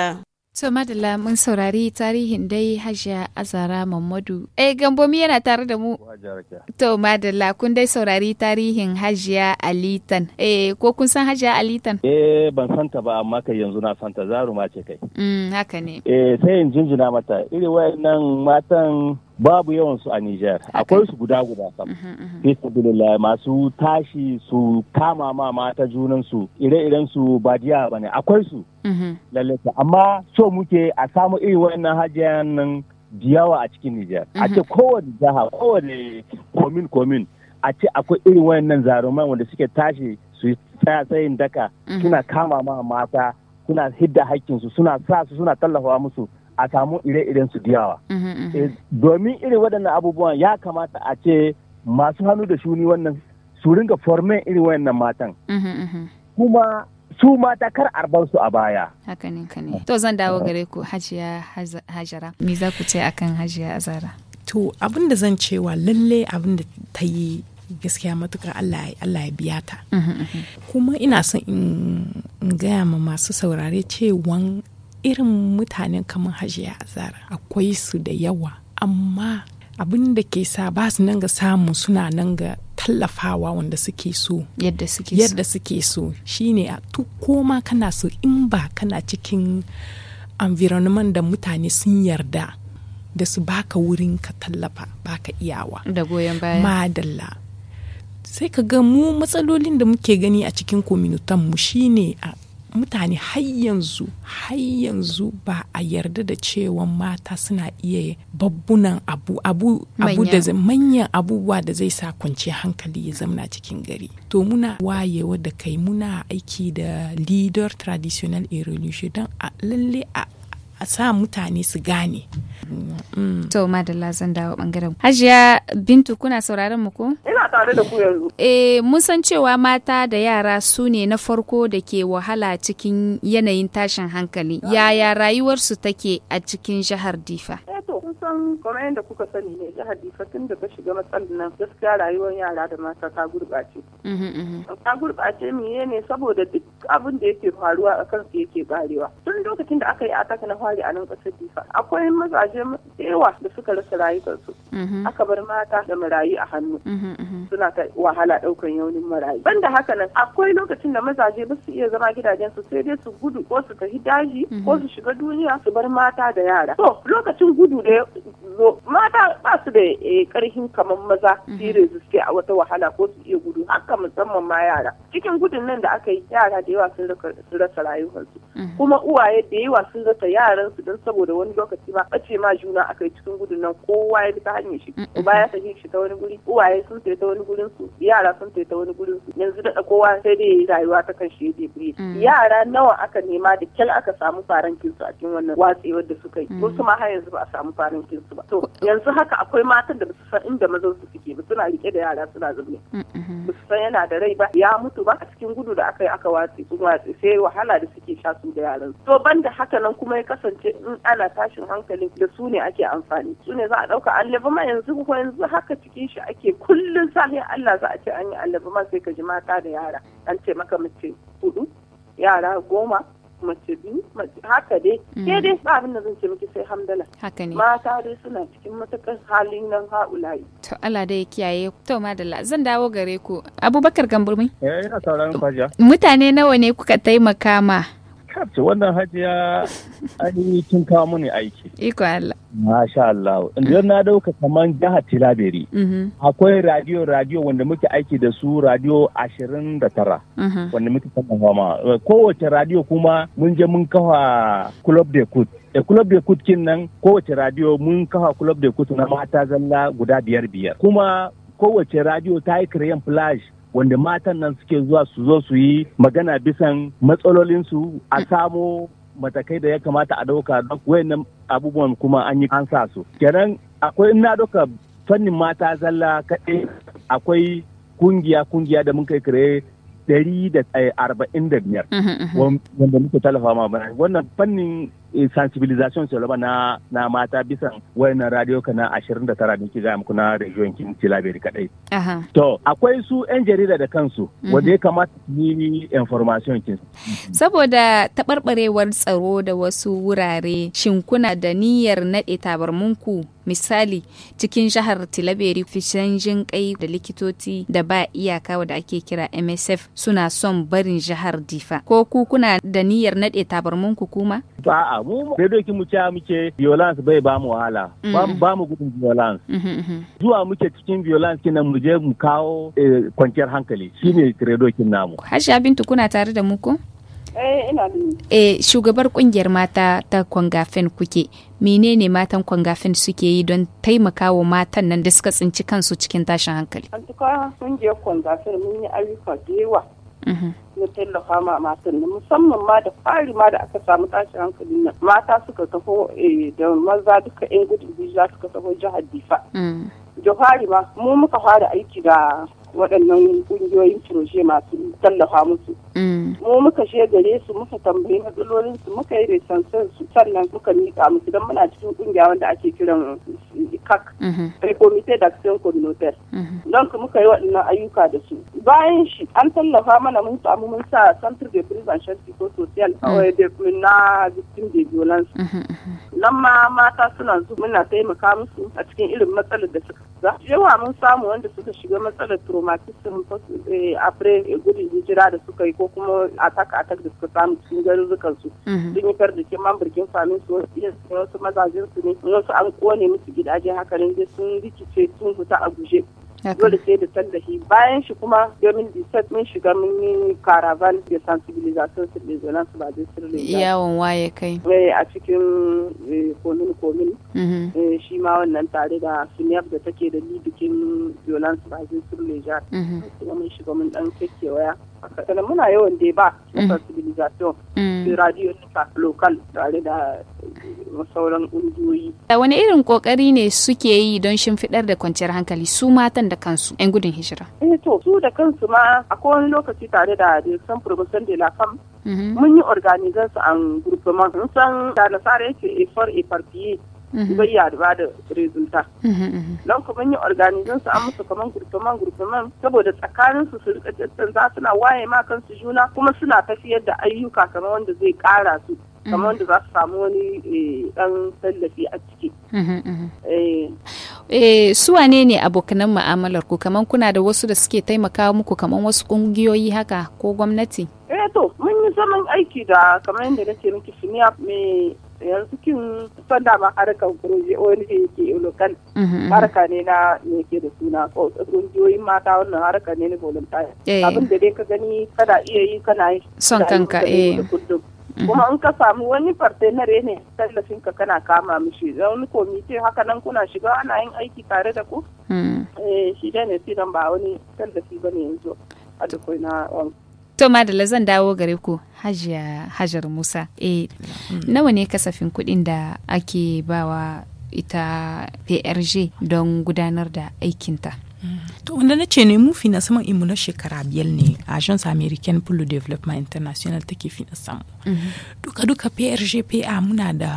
To Madalla mun saurari tarihin dai Hajiya Azara Mamadu. Eh Gambomi yana tare da mu. To Madalla kun dai saurari tarihin Hajiya Alitan. Eh ko kun san Hajiya Alitan? Eh ban santa ba amma kai yanzu na santa zaruma ce kai. Mm haka ne. Eh sai in jinjina mata. Iri wayannan matan babu yawan su a Nijar akwai su guda guda sam mhm, mhm, mhm. bismillah masu tashi su kama ma mata junan su ire-iren su ba jiya bane akwai su lallata amma so muke a samu irin wannan hajiyan nan diyawa a cikin Nijar a ce kowane jaha kowane komin komin a ce akwai irin wannan zaruman wanda suke tashi su tsaya tsayin daka suna kama ma mata suna hidda hakkin su suna sa su suna tallafa musu a samu ire-iren su diyawa. Mhm, mhm. eh, domin irin waɗannan abubuwan ya kamata a ce masu hannu da shuni wannan su ringa formen irin wannan matan. Mhm, Kuma su mata kar a su a baya. Haka ne ka ne. To zan dawo gare ku Hajiya Hajara. Me za ku ce akan Hajiya Azara? To abin da zan cewa lalle abin da ta yi gaskiya matuka Allah ya biya ta. Kuma ina son in gaya ma masu saurare cewan irin mutanen kamar hajiya zara. akwai su da yawa amma abin da ke sa ba su nan ga samu suna nan ga tallafawa wanda suke so yadda suke so yadda shine a tu koma kana so in ba kana cikin environment da mutane sun yarda da su baka wurin ka tallafa baka iyawa da goyon baya madalla sai ka ga mu matsalolin da muke gani a cikin mu shine a mutane har yanzu har yanzu ba a yarda da cewa mata suna iya babbunan abu abu abu da zai manyan abubuwa da zai sa kwanci hankali ya zamana cikin gari to muna wayewa da kai muna aiki da leader traditional and don a lalle a a sa mutane su gane to madalla zan dawo bangaren hajiya bintu kuna sauraron mu ko ina tare da ku yanzu eh mun san cewa mata da yara su ne na farko da ke wahala cikin yanayin tashin hankali yaya rayuwarsu take a cikin jihar difa eh, kusan kamar yadda kuka sani ne jihar difa tun da ta shiga matsalar nan gaskiya rayuwar yara da mata ta gurɓace Mm-hmm, mm-hmm. ta gurɓace miye ne saboda duk abin da yake faruwa a kansu yake barewa tun lokacin da aka yi ataka na fari a nan ƙasar difa akwai mazaje da yawa da suka rasa rayukansu mm-hmm. aka bar mata da marayu a hannu suna ta wahala ɗaukar yaunin marayu banda haka nan akwai lokacin da mazaje ba su iya zama gidajensu sai dai su gudu ko su tafi daji ko su shiga duniya su bar mata da yara to lokacin gudu da zo mata ba su da eh, ƙarfin kamar maza su yi a wata wahala ko su iya gudu haka haka musamman ma yara cikin gudun nan da aka yi yara da yawa sun rasa rayuwarsu mm-hmm. kuma uwaye da yawa sun rasa yaransu don saboda wani lokaci ma bace ma juna aka yi cikin gudun nan kowa ya ta hanyar shi uba ya tafi shi ta wani guri uwaye sun tafi ta wani gurin su yara sun tafi ta wani gurin su yanzu da kowa sai dai rayuwa ta kan shi da biri mm. yara nawa aka nema da kyal aka samu faran su a cikin wannan watsewar da suka yi mm. wasu ma har yanzu ba a samu faran su ba to yanzu haka akwai matan da ba su san inda mazan su suke ba suna rike da yara suna zaune ba su san yana da rai ba ya mutu ba a cikin gudu da aka yi aka watsi watsi sai wahala da suke sha su da yaran to banda haka nan kuma ya kasance in ana tashin hankali da su ne ake amfani su ne za a dauka ma yanzu ko yanzu haka cikin shi ake kullun safe Allah za a ce an yi ma sai ka ji mata da yara an ce maka mace hudu yara goma mace biyu haka dai mm. ke dai ba abin da zan ce miki sai hamdala haka ne mata dai suna cikin matakan halin nan ha'ulayi to Allah dai ya kiyaye to madalla zan dawo gare ku Abubakar Gamburmi eh ina sauraron kwaja mutane nawa ne kuka taimaka ma Kafce wannan hajiya an tun kawo mini aiki. Iko Allah. Masha Allah. Inda na dauka kaman jihar Tilaberi. Mm-hmm. Akwai radio radio wanda muke aiki da su radio ashirin da tara. Mm-hmm. Wanda muke kan ma. Kowace radio kuma mun je mun kafa Club de Kut. da club de kut kin nan kowace radio mun kafa club de kut na mata zalla guda biyar biyar kuma kowace radio ta yi kiran plage wanda matan nan suke zuwa su zo su yi magana bisan matsalolinsu a samo matakai da ya kamata a dauka don wayannan abubuwan kuma an yi an sa su kenan akwai na doka fannin mata zalla kaɗai akwai kungiya kungiya da mun kai kire dari da eh, arba'in da biyar wanda muka talafa ma wannan fannin Eh, sensibilisation shalaba na na mata bisan wayannan radio kana 29 da ke gaya muku na region kin tilaberi kadai to akwai su yan jarida da kansu mhm. wanda ya kamata ni information kin saboda tabarbarewar tsaro da wasu wurare shin kuna da niyyar nade tabarmunku misali cikin jihar tilaberi fishen jin kai da likitoci da ba iyaka da ake kira msf suna son barin jihar difa ko ku kuna da niyyar nade tabarmunku kuma ba sai dai ki mu cewa muke violence bai ba mu wahala mm. ba mu gudun violence mm-hmm, mm-hmm. zuwa muke cikin violence kinan mu je mu kawo eh, kwanciyar hankali shine kin namu hasha Bintu kuna tare da mu ko eh, eh, shugabar kungiyar mata ta kwangafen kuke menene matan kwangafen suke yi don taimakawa matan nan da suka tsinci kansu cikin tashin hankali an tuka kungiyar kwangafen mun yi ayyuka da yawa na tallafa ma matan nan musamman ma da fari ma da aka samu tashin hankalin nan mata suka taho eh, da maza duka yan gudun hijira suka taho jihar difa mm. da fari ma mu muka fara aiki da waɗannan ƙungiyoyin turoshe masu tallafa musu Mm. mu muka she gare su muka tambayi matsalolin su muka yi resansan su sannan muka mika musu don muna cikin kungiya wanda ake kiran kak rekomite mm-hmm. da action communautaire mm-hmm. don su muka yi waɗannan ayyuka da su bayan shi an tallafa mana mun samu mun sa centre de prise en charge psychosocial mm. na victim de violence mm-hmm, nan ma mata suna zu muna taimaka musu a cikin irin matsalar da suka za yawa mun samu wanda suka shiga matsalar traumatism eh, après gudun hijira da suka yi ko kuma attack attack da suka samu cikin garurrukan su mhm. sun yi da ke mamburkin famin su wasu mazajen su ne wasu an kone musu gidaje haka ne sun rikice sun fita a guje dole sai da tallafi bayan shi kuma 2017 mun shiga mun yi caravan da sensibilisation sur les violences basées sur les yawon waye kai a cikin eh, komin komin mhm. eh, shi ma wannan tare da suniyar da take da libikin violence basées sur les mhm. kuma mun shiga mun dan kekewaya sannan muna yawan dai ba mm. sensibilisation mm. radio local tare da sauran da wani irin kokari ne suke yi don shimfiɗar da kwanciyar hankali su matan da kansu 'yan gudun hijira? eh to su da kansu ma a kowane lokaci tare da direction san de la fam. Mm-hmm. mun yi su an gurfaman mun san da nasara yake effort a bai ya ba da resulta don kuma yi organizin su an musu kamar gurfaman gurfaman saboda tsakanin su su za su suna waye ma kansu juna kuma suna tafiyar da ayyuka kamar wanda zai kara su kamar wanda za su samu wani eh, dan tallafi a ciki eh, eh su wane ne abokanan mu'amalar ku kamar kuna da wasu da suke taimaka muku kamar wasu kungiyoyi haka ko gwamnati eh to mun yi zaman aiki da kamar yadda nake miki suniya mai yanzu kin san dama harkar proje ONG yake lokan mm-hmm. harka ne na me ke da suna kungiyoyin mata wannan harka ne na volunteer eh. abin da dai ka gani kana iya yi kana yi son kanka eh mm-hmm. kuma in ka samu wani partner ne tallafin ka kana kama mishi da wani komite haka nan kuna shiga ana yin aiki tare da ku mm-hmm. eh, shi ne siran ba wani tallafi ba yanzu a duk na to madalla zan dawo gare ku hajiya hajar musa e nawa ne kasafin kuɗin da ake bawa ita prg don gudanar da aikinta to wanda na ce ne mu finansaman imu na shekara biyar ne agence american pour development international take finansamu mhm. duka duka prgpa muna da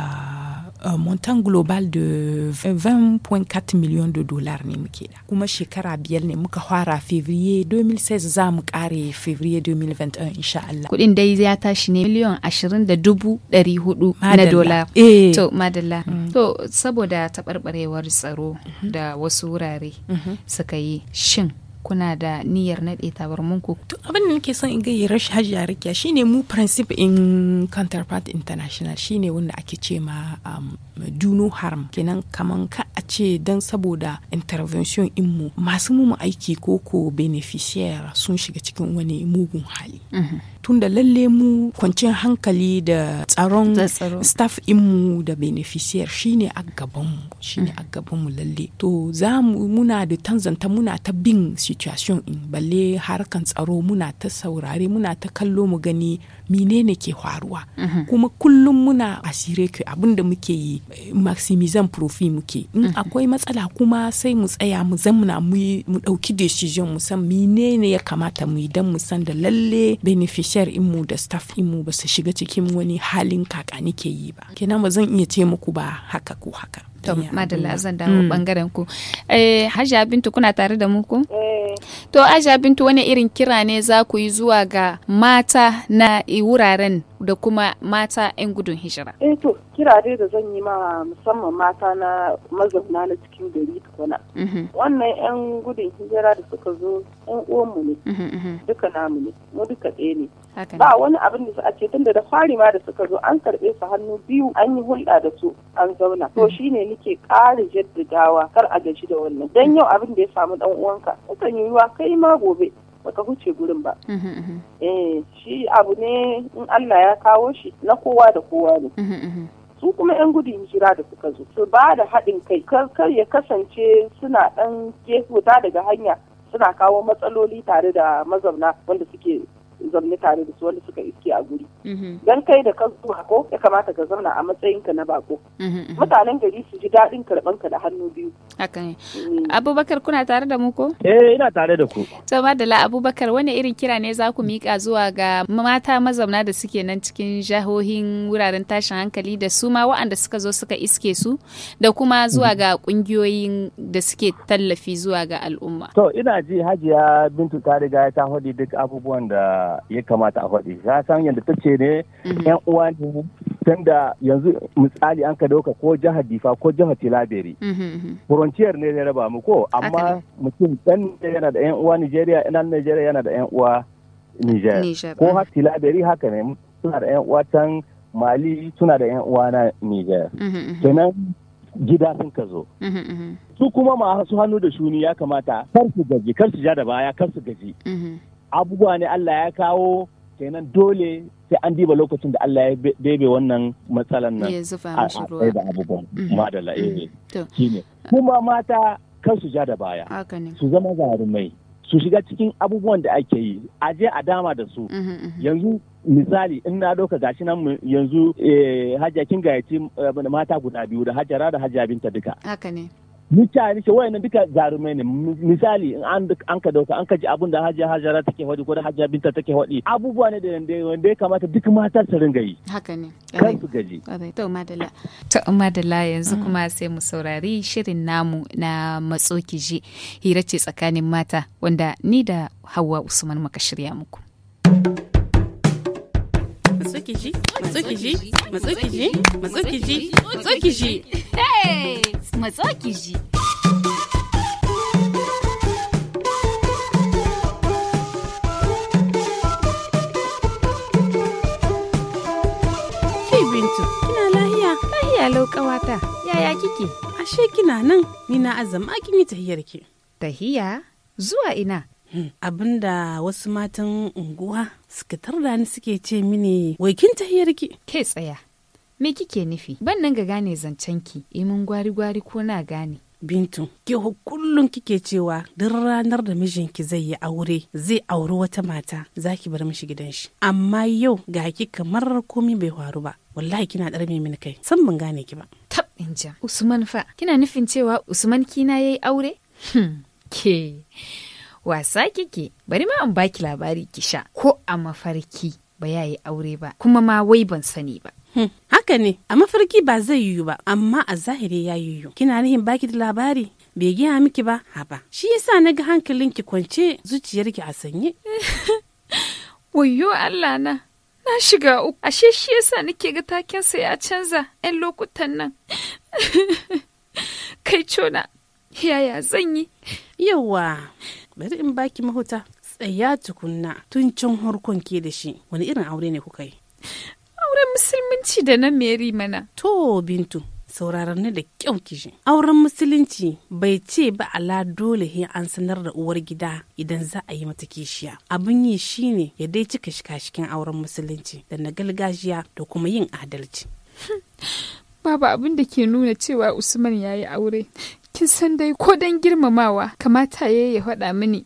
uh, montant global de 20.4 million de dollars ne muke da kuma shekara biyar ne muka fara fevrier 2016 za mu kare fevrier 2021 insha Allah kudin dai ya tashi ne Miliyon 20 da dubu dari 400 na dola eh. to madalla mm. to saboda taɓarɓarewar tsaro da wasu wurare mm suka yi shin kuna da niyyar naɗe tabarmanku. To abin da nake son in gayyar rashin hajji rikiya shine mu principe in counterpart international shine wanda ake ce ma um, do harm kenan kaman ka a ce don saboda intervention in mu masu mu aiki ko ko beneficiary sun shiga cikin wani mugun hali. Mhm. tunda lalle mu kwanciyar hankali da tsaron staff inmu da beneficiary shine a gabanmu shine a gabanmu lalle to za mu muna da tanzanta muna ta bin situation in balle harkan tsaro muna ta saurare muna ta kallo mu gani menene ke faruwa mhm. kuma kullum muna asire ke abinda da muke yi maximizan profi muke in mhm. akwai matsala kuma sai mu tsaya mu zamna mu dauki decision mu san menene ya kamata mu yi dan mu san da lalle beneficiary in mu da staff in mu ba su shiga cikin wani halin kakani ke yi ba kenan ba zan iya ce muku ba haka ko haka To madalla zan dawo bangaren hmm. ku. Eh Hajiya Bintu kuna tare da mu ko? Eh. To Hajiya Bintu wani irin kira ne za ku yi zuwa ga mata na wuraren da kuma mata 'yan gudun hijira? Eh to kira dai da zan yi ma musamman mata na mazauna na cikin gari tukuna. Mhm. Wannan 'yan gudun hijira da suka zo 'yan uwanmu ne, mhm, mhm. duka namu ne, mu duka ɗaya ne. Ba wani abin da za a ce tunda da fari ma da suka zo an karɓe su hannu biyu an yi hulɗa da su an zauna. To shine ni yake ƙara jaddadawa kar a gaji da wannan dan yau abin da ya samu dan uwanka yi yiwuwa kai ma gobe baka huce gurin ba. Mhm, mhm. Eh shi abu ne in Allah ya kawo shi na kowa da kowa ne. Mhm, su kuma 'yan gudun hijira da suka zo su ba da haɗin kai kar ya kasance suna ɗan gefuta daga hanya suna kawo matsaloli tare da mazauna wanda suke zaune tare da su wanda suka iske a guri mhm. dan kai da kan zuwa ko ya kamata ka zauna a matsayin ka na bako mhm, mhm. mutanen gari su ji daɗin karɓan ka da hannu biyu hakan mm. abubakar kuna tare da mu ko eh ina tare da ku to madalla abubakar wani irin kira ne za ku mika zuwa ga mata mazauna da suke nan cikin jahohin wuraren tashin hankali da su ma waɗanda suka zo suka iske su da kuma zuwa ga ƙungiyoyin da suke tallafi zuwa ga al'umma to ina ji hajiya bintu ta riga ta hodi duk abubuwan da ya kamata a faɗi ya san yadda ta ce ne mhm. yan uwa ne tun da yanzu misali an ka dauka ko jihar difa ko jihar tilaberi mhm, mhm. furanciyar ne ya raba mu ko amma mutum dan yana da yan uwa nigeria nan nigeria yana da yan uwa niger ko har tilaberi haka ne suna da yan uwa can mali suna da yan uwa na niger kenan gida sun ka zo. Su kuma masu hannu da shuni ya kamata kar su gaji, kar su ja da baya, kar su gaji. abubuwa ne Allah ya kawo kenan dole sai an diba lokacin da Allah ya bebe wannan matsalan nan a tsaye da abubuwan mm-hmm. madala eh mm-hmm. ne. kuma mata kan su ja da baya su zama jarumai su shiga cikin abubuwan da ake yi a je a dama da su mm-hmm, yanzu misali in na doka gashi nan yanzu eh, hajjakin gayaci eh, mata guda biyu da hajjara da hajjabinta duka mutane ce wayannan duka jarumai ne misali in an an ka dauka an ka ji abin da hajiya hajara take hodi ko da hajiya binta take hodi abubuwa ne da wanda ya kamata duk mata su ringa yi haka ne kai gaji to madalla to madalla yanzu mm. kuma sai mu saurari shirin namu na matsoki ji hira ce tsakanin mata wanda ni da Hauwa Usman muka shirya muku matso ki ji matso ki ji matso ki ji matso ki ji matso hey Bintu, kina lahiya? Lahiya lau ƙawata, yaya kike? Ashe kina nan, ni na azama kin yi tahiyar ki. Tahiya? Zuwa ina? Hmm, Abinda wasu matan unguwa suka tarda ni suke ce mini wai kin tahiyarki ke tsaya me kike nufi ban nan ga gane zancen ki imin eh, gwari gwari ko na gane bintu ke kullum kike cewa duk ranar da mijinki zai yi aure zai auri wata mata zaki bar mishi gidan shi amma yau ga ki kamar komi bai faru ba wallahi kina ɗarme mini kai san ban gane ki ba tab ja usman fa kina nufin cewa usman kina yayi aure hmm. ke wasa kike bari ma in baki labari ki sha ko a mafarki ba ya yi aure ba kuma ma wai ban sani ba. Hmm, haka ne a mafarki ba zai yiwu ba amma a zahiri ya yiwu. Kina nihin baki da labari bai giya miki ba haba. Shi yasa na ga hankalinki kwance zuciyarki a sanye. wayo Allah na na shiga uku ashe shi yasa nake ga takensa ya canza 'yan lokutan nan. Kai cona yaya zan yi? Yawa. bari in baki mahuta tsaya tukunna tun can harkon ke da shi wani irin aure ne kuka yi auren musulunci da na meri mana to bintu sauraron ne da kyau kishi auren musulunci bai ce ba ala dole he an sanar da uwar gida idan za a yi mata kishiya abin yi shine ya dai cika shika cikin auren musulunci da na galgajiya da kuma yin adalci babu abin da ke nuna cewa usman ya yi aure kin san dai ko dan girmamawa kamata ya ya faɗa mini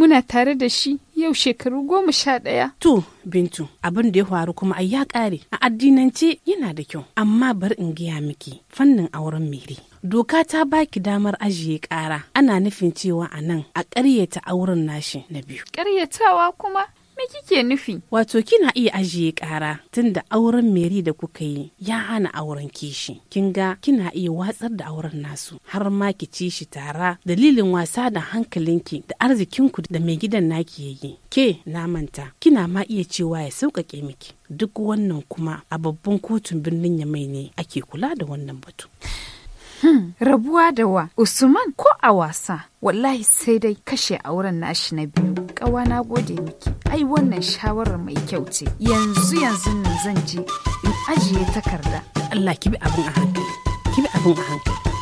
muna tare da shi yau shekaru goma sha ɗaya. To Bintu abin da ya faru kuma ai ya ƙare a addinance yana da kyau amma bar in gaya miki fannin auren Mary. Doka ta baki damar ajiye ƙara ana nufin cewa a nan a ƙaryata auren nashi na biyu. Ƙaryatawa kuma me kike nufi? Wato kina iya ajiye ƙara tunda auren Mary da kuka yi ya hana auren kishi. Kin ga kina iya watsar da auren nasu har ma ki ci shi tara dalilin wasa da hankalinki da arzikinku da mai gidan naki yayi. Ke na manta kina ma iya cewa ya sauƙaƙe miki. Duk wannan kuma a babban kotun birnin Yamai ne ake kula da wannan batu. Hmm, rabuwa da wa Usman ko a wasa wallahi sai dai kashe auren nashi na biyu. Kawa na gode miki. Ai wannan shawarar mai kyau ce. Yanzu yanzu nan zan je in ajiye takarda. Allah kibi abin a hankali. Kibi abin a hankali.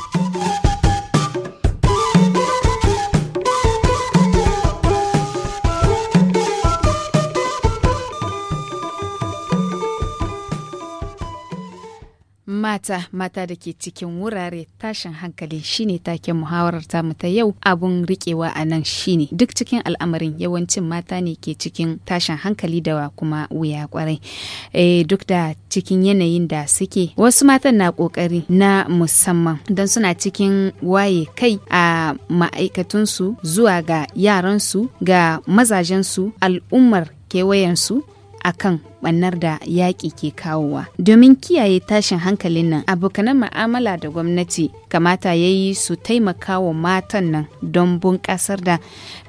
mata mata da ke cikin wurare tashin hankali shine taken muhawarar tamu ta yau abun riƙewa a nan shine duk cikin al'amarin yawancin mata ne ke cikin tashin hankali da kuma wuya kwarai e, eh, duk da cikin yanayin da suke wasu matan na kokari na musamman don suna cikin waye kai a ma'aikatunsu zuwa ga yaransu ga mazajensu al'ummar kewayensu akan bannar da yaƙi ke kawowa. Domin kiyaye tashin hankalin nan abokanan ma'amala da gwamnati kamata ya yi su taimaka wa matan nan don bunƙasar da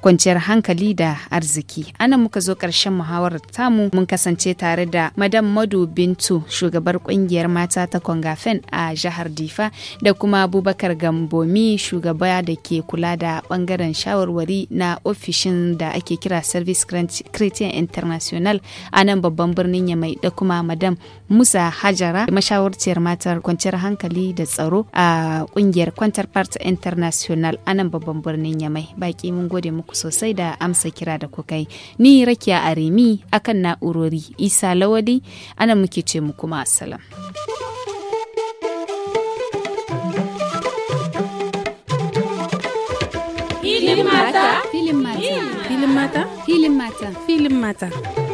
kwanciyar hankali da arziki. Ana muka zo ƙarshen muhawarar tamu mun kasance tare da Madam Madu Bintu shugabar ƙungiyar mata ta Kongafen a jihar Difa da kuma Abubakar Gambomi shugaba da ke kula da ɓangaren shawarwari na ofishin da ake kira Service Christian International a nan babban birnin Yamai da kuma Madam Musa Hajara mashawarciyar matar kwanciyar hankali da tsaro a kungiyar Parta International a nan babban birnin Yamai. Baki mun gode muku sosai da amsa kira da kuka yi. Ni Rakiya Arimi akan na'urori Isa Lawali ana muke ce mu kuma Filin mata, filin mata, filin mata, filin mata, filin mata.